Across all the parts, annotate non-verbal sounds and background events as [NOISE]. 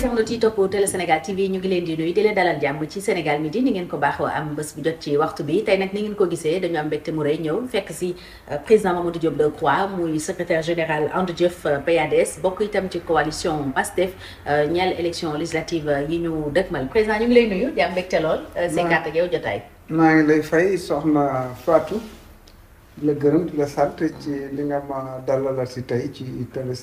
internet yi topp Télé Sénégal TV ñu ngi leen di nuyu di leen dalal jàmm ci Sénégal Midi ni ngeen ko baaxoo am bés bu jot ci waxtu bi tey nag ni ngeen ko gisee dañu am mbégte mu rëy ñëw fekk si euh, président Mamadou Diop Decroix muy secrétaire général And Jëf euh, PADS bokk itam ci coalition PASTEF euh, ñeel élection législative yi ñu dëkkmal président ñu ngi lay nuyu di am mbégte lool. séngat ak yow jotaay. maa ngi lay fay soxna Fatou la gërëm di la sant ci li nga ma dalalati ci Télé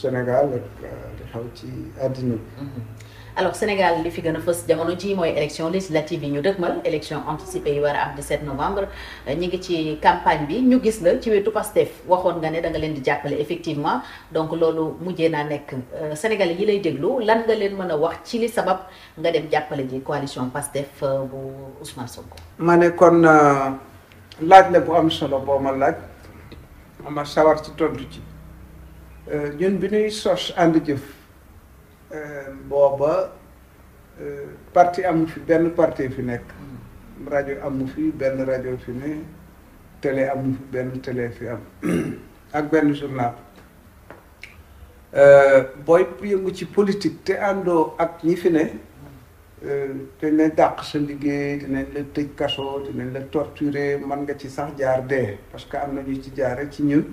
Sénégal ak euh, li xew ci àddina bi. Mhm. li fi gën a fës jamono ji mooy élection législative yi ñu dëgmal élection anticipée yi war a am 17 novembre euh, ñu ngi ci campagne bi ñu gis la ci wetu Pastef waxoon nga ne danga leen di jàppale effectivement donc loolu mujjee naa nekk euh, Sénégalais yi lay déglu lan nga leen mën a wax ci li sabab nga dem jàppale ji coalition Pastef bu Ousmane Sonko. ma ne kon laaj la bu am solo boo ma laaj ma sawar ci tontu ci. ñun bi ñuy sos ànd jëf euh, booba euh, parti amu fi benn parti fi nekk mm. rajo amu fi benn rajo fi ne télé amu fi benn télé fi am [CLEARS THROAT] ak benn journal euh, booy yëngu ci politique te àndoo ak ñi fi ne mm. dañ ne dàq sa liggéey dinañ la tëj kaso dinañ la torturer mën nga ci sax jaar dee parce que am na ñu ci jaare ci ñun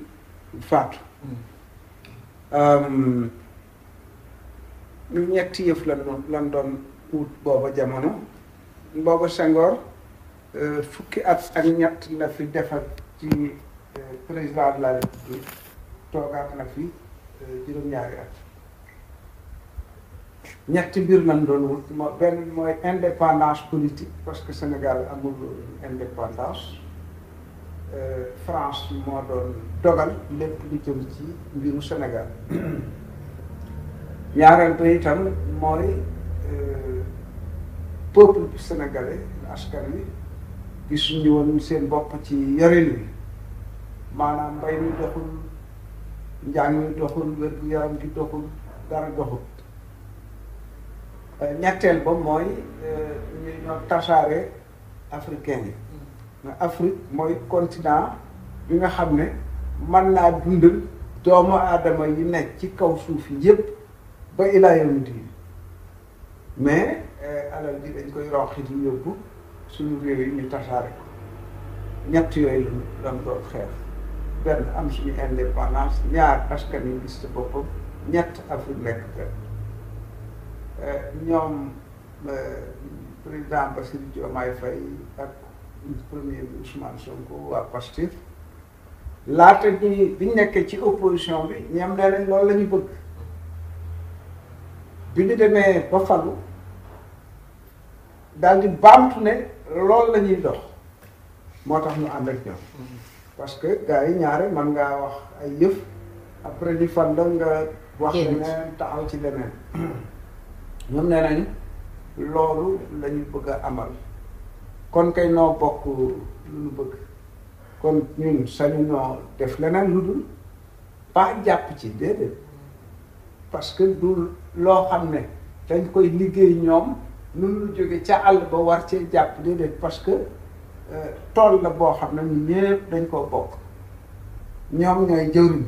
faatu mm. ñetti yëf lan lan doon ut booba jamono booba Senghor euh, fukki at ak ñett la fi defar ci euh, président de la république na fi euh, juróom-ñaari at ñetti mbir lan doon wut moo benn mooy indépendance politique parce que Sénégal amul indépendance Euh, France moo doon dogal lépp lu jëm ci mbiru Sénégal [CLEARS THROAT] ñaareel ba itam mooy euh, peuple bi sénégalais askan wi gisuñu woon seen bopp ci yorin wi mbay mi doxul njàng mi doxul wér-gu-yaram gi doxul dara doxul euh, ñetteel ba mooy ñu ñoo tasaare africain yi Afrique mooy continent bi nga xam ne man naa dundal doomu aadama yi nekk ci kaw suuf yépp ba ilaa yawmi diin mais eh, alal ji dañ koy roxi di yóbbu suñu réew yi ñu tasaare ko ñett yooyu lañu lañ doon benn am suñu indépendance ñaar askan yi gis sa boppam ñett Afrique nekk benn eh, ñoom eh, président Bassirou Diomaye Faye ak premier bi Ousmane Sonko waa Pastef laata ñuy bi nekkee ci opposition bi ñoom nee nañ loolu la ñu bëgg bi ñu demee ba falu daal di baamtu ne loolu lañuy ñuy dox moo tax ñu ànd ak ñoom parce que gars yi ñaare man ngaa wax ay yëf après di fan da nga wax leneen taxaw ci leneen ñoom nee nañ loolu la ñu bëgg a amal kon kay noo bokk lu nu bëgg kon ñun sañu noo def leneen lu dul pas jàpp ci déedéet parce que du loo xam ne dañ koy liggéey ñoom nun lu jóge ca àll ba war ci jàpp déedéet parce que euh, tool la boo xam ne ñu ñëpp dañ koo bokk ñoom ñooy jëriñ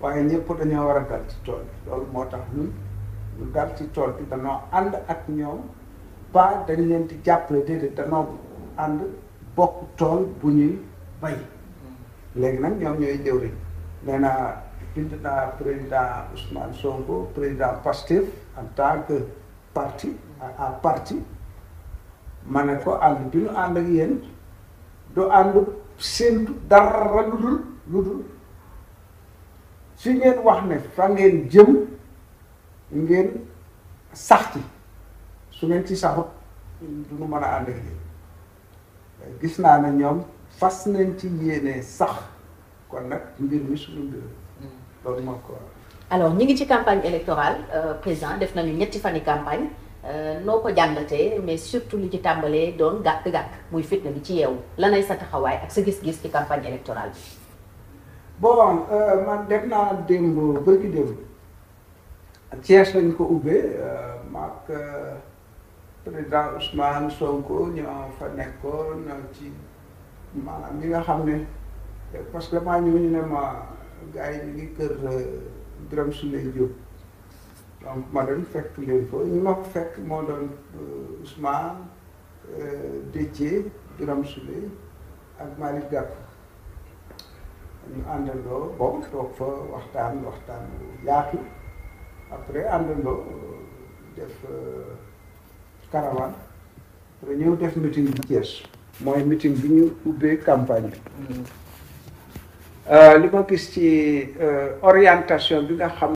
waaye ñëpp dañoo war a dal ci tool bi loolu moo tax ñun ñu dal ci tool bi dañoo ànd ak ñoom pas dañ leen di jàppale déedéet danoo ànd bokk tool bu ñuy bay léegi nag ñoom ñooy jëwriñ nee bind naa président Ousmane Sonko président Pastef en tant que parti à parti ma ko ànd bi ñu ànd ak yéen du ànd séentu dara lu dul lu dul fi ngeen wax ne fa ngeen jëm ngeen sax su ngeen ci saxut du ñu mën a ànd ak gis naa na ñoom fas nañ ci yéene sax kon nag mbir mi suñu mbir loolu moo ko alors ñu ngi ci campagne électorale euh, président def nañu ñetti fani campagne euh, noo ko jàngatee mais surtout lu ci tàmbalee doon gàkk-gàkk muy fitna bi ci yeewu lanay sa taxawaay ak sa gis-gis ci campagne électorale bi bon euh, man def naa démb bëggi démb Thiès lañ ko ubbee maak président Ousmane Sonko ñoo fa nekkoon ci maanaam ñi nga xam ne parce que maa ñu ne ma gars ñu ngi kër euh, Birame Souleye Diop donc ma doon fekk leen fa ñu ma fekk moo doon euh, Ousmane euh, Déthié Birame Souleye ak Malick Gakou ñu àndandoo boobu toog fa waxtaan waxtaan yaatu après àndandoo def. caravane te ñëw def meeting bi Thiès mooy meeting bi ñu ubbee campagne bi mm. euh, ma gis ci euh, orientation bi nga xam